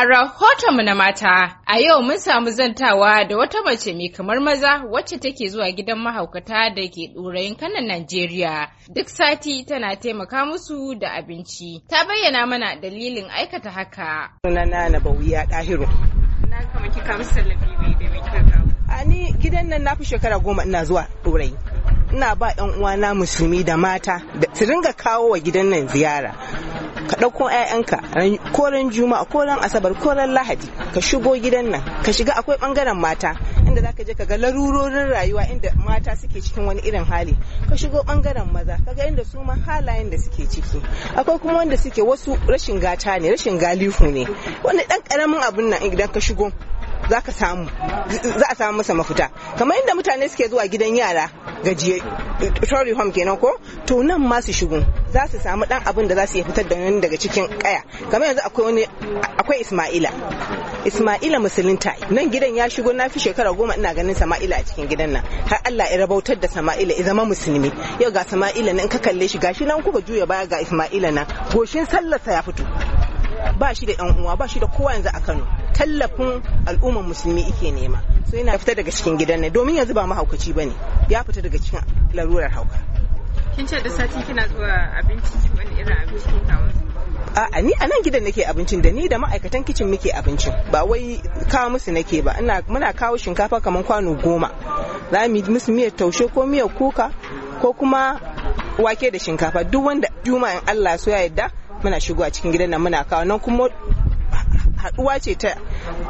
A rahotonmu na mata, a yau mun samu zantawa da wata mace mai kamar maza wacce take zuwa gidan mahaukata da ke ɗorayin kanan Najeriya. Duk sati tana taimaka musu da abinci. Ta bayyana mana dalilin aikata haka. Sunana na Bawiya Ɗahiru. Na kama kika musu mai da kika kawo. ni gidan nan na fi shekara goma ina zuwa ɗorayi. Ina ba 'yan uwana musulmi da mata da su ringa kawo wa gidan nan ziyara. ka ɗauko 'ya'yanka koren juma'a koren asabar koren lahadi ka shigo gidan nan ka shiga akwai ɓangaren mata inda zaka je ka ga larurorin rayuwa inda mata suke cikin wani irin hali ka shigo ɓangaren maza ka ga inda su ma halayen da suke ciki akwai kuma wanda suke wasu rashin gata ne rashin galihu ne wani ɗan ƙaramin abun nan idan ka shigo za samu za a samu masa mafita kamar inda mutane suke zuwa gidan yara gajiye home kenan ko to nan ma su shigo za su samu dan abin da za su iya fitar da wani daga cikin kaya kamar yanzu akwai wani akwai Ismaila Ismaila musulunta nan gidan ya shigo na fi shekara goma ina ganin Sama'ila a cikin gidan nan har Allah ya rabautar da Sama'ila ya zama musulmi yau ga Sama'ila nan ka kalle shi gashi nan kuka juya baya ga Ismaila nan goshin sallarsa ya fito ba shi da yan uwa ba shi da kowa yanzu a Kano tallafin al'ummar musulmi ike nema so yana fita daga cikin gidan nan domin yanzu ba mahaukaci bane ya fita daga cikin larurar hauka kin ce da sati kina zuwa abinci wani irin abinci kin kawo a ni anan gidan nake abincin da ni da ma'aikatan kicin muke abincin ba wai kawo musu nake ba ina muna kawo shinkafa kamar kwano goma za mu yi musu miyar taushe ko miyar kuka ko kuma wake da shinkafa duk wanda juma'in Allah so ya yarda muna shigo a cikin gidan nan muna kawo nan kuma haduwa ce ta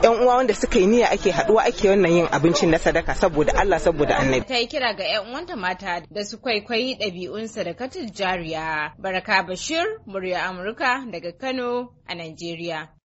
yan uwa wanda suka yi niyya ake haduwa ake wannan yin abincin na sadaka saboda Allah saboda Annabi ta yi kira ga yan uwanta mata da su kwaikwayi ɗabi'un sadakatul jariya baraka bashir murya amurka daga Kano a Najeriya